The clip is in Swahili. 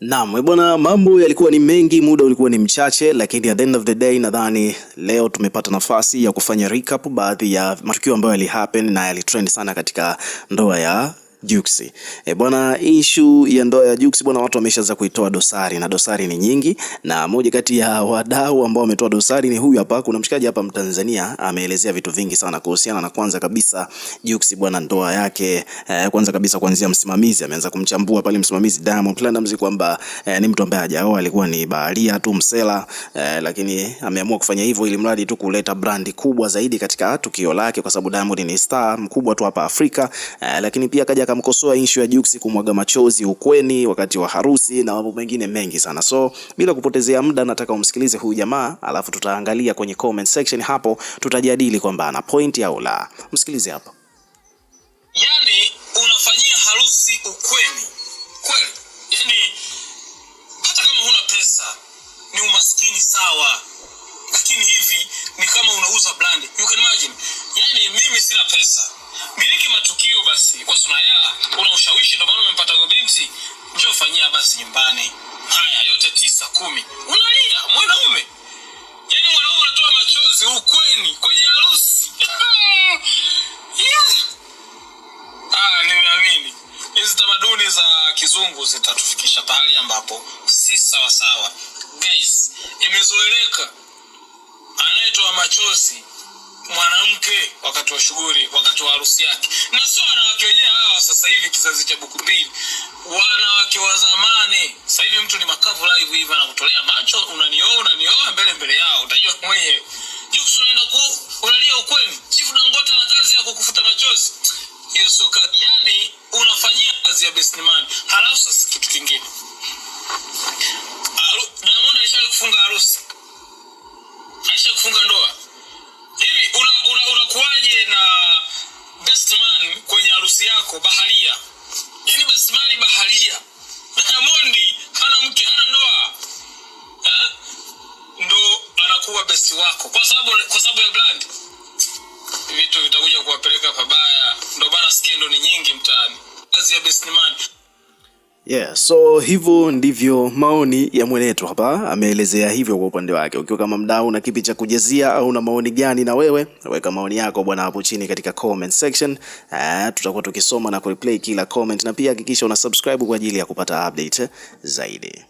Naam, eh, bwana, mambo yalikuwa ni mengi, muda ulikuwa ni mchache, lakini at the end of the day nadhani leo tumepata nafasi ya kufanya recap baadhi ya matukio ambayo yali happen na yali trend sana katika ndoa ya Jux. E, eh, bwana issue ya ndoa ya Jux bwana, watu wameshaanza kuitoa dosari na dosari ni nyingi, na moja kati ya wadau ambao wametoa dosari ni huyu hapa. Kuna mshikaji hapa Mtanzania ameelezea vitu vingi sana kuhusiana na kwanza kabisa Jux bwana, ndoa yake eh, kwanza kabisa kuanzia msimamizi ameanza kumchambua pale msimamizi Diamond Platnumz kwamba eh, ni mtu ambaye hajaoa, alikuwa ni baharia tu msela eh, lakini ameamua kufanya hivyo ili mradi tu kuleta brandi kubwa zaidi katika tukio lake, kwa sababu Diamond ni star mkubwa tu hapa Afrika eh, lakini pia kaja akamkosoa inshu ya Jux kumwaga machozi ukweni wakati wa harusi na mambo mengine mengi sana. So bila kupotezea muda, nataka umsikilize huyu jamaa, alafu tutaangalia kwenye comment section hapo, tutajadili kwamba ana point au la. Msikilize hapo. Yani unafanyia harusi ukweni kweli? Yani hata kama huna pesa ni umaskini sawa, lakini hivi ni kama unauza brand. You can imagine, yani mimi sina pesa miliki matukio basi, kwa suna hela, una ushawishi, ndio maana umempata huyo binti. Njoo fanyia basi nyumbani, haya yote tisa kumi, unalia mwanaume, yani mwanaume unatoa machozi ukweni kwenye harusi yeah. Ah, nimeamini hizi tamaduni za kizungu zitatufikisha pahali ambapo si sawasawa. Guys, imezoeleka anayetoa machozi mwanamke wakati wa shughuli, wakati wa harusi yake, na sio wanawake wenyewe hawa sasa hivi, kizazi cha buku mbili wanawake wa zamani. Sasa hivi mtu ni makavu live hivi, anakutolea macho, unanioa unanioa mbele mbele yao, utajua mwenyewe. Jukson, unaenda ku unalia ukweni Chifu Dangote na kazi ya kukufuta machozi. Hiyo sio kazi, yani unafanyia kazi ya best man. Halafu sasa kitu kingine, na Diamond kufunga harusi bosi yako baharia, yani basimali baharia. Diamond hana mke, ana ndoa Ndo anakuwa besi wako kwa sababu kwa sababu ya brand, vitu vitakuja kuwapeleka pabaya. Ndo bana, skendo ni nyingi mtaani, kazi ya best Yeah, so hivyo ndivyo maoni ya mwenetu hapa ameelezea hivyo kwa upande wake. Ukiwa kama mdau una kipi cha kujezia au una maoni gani na wewe, weka maoni yako bwana hapo chini katika comment section. Ah, tutakuwa tukisoma na kureplay kila comment na pia hakikisha una subscribe kwa ajili ya kupata update zaidi.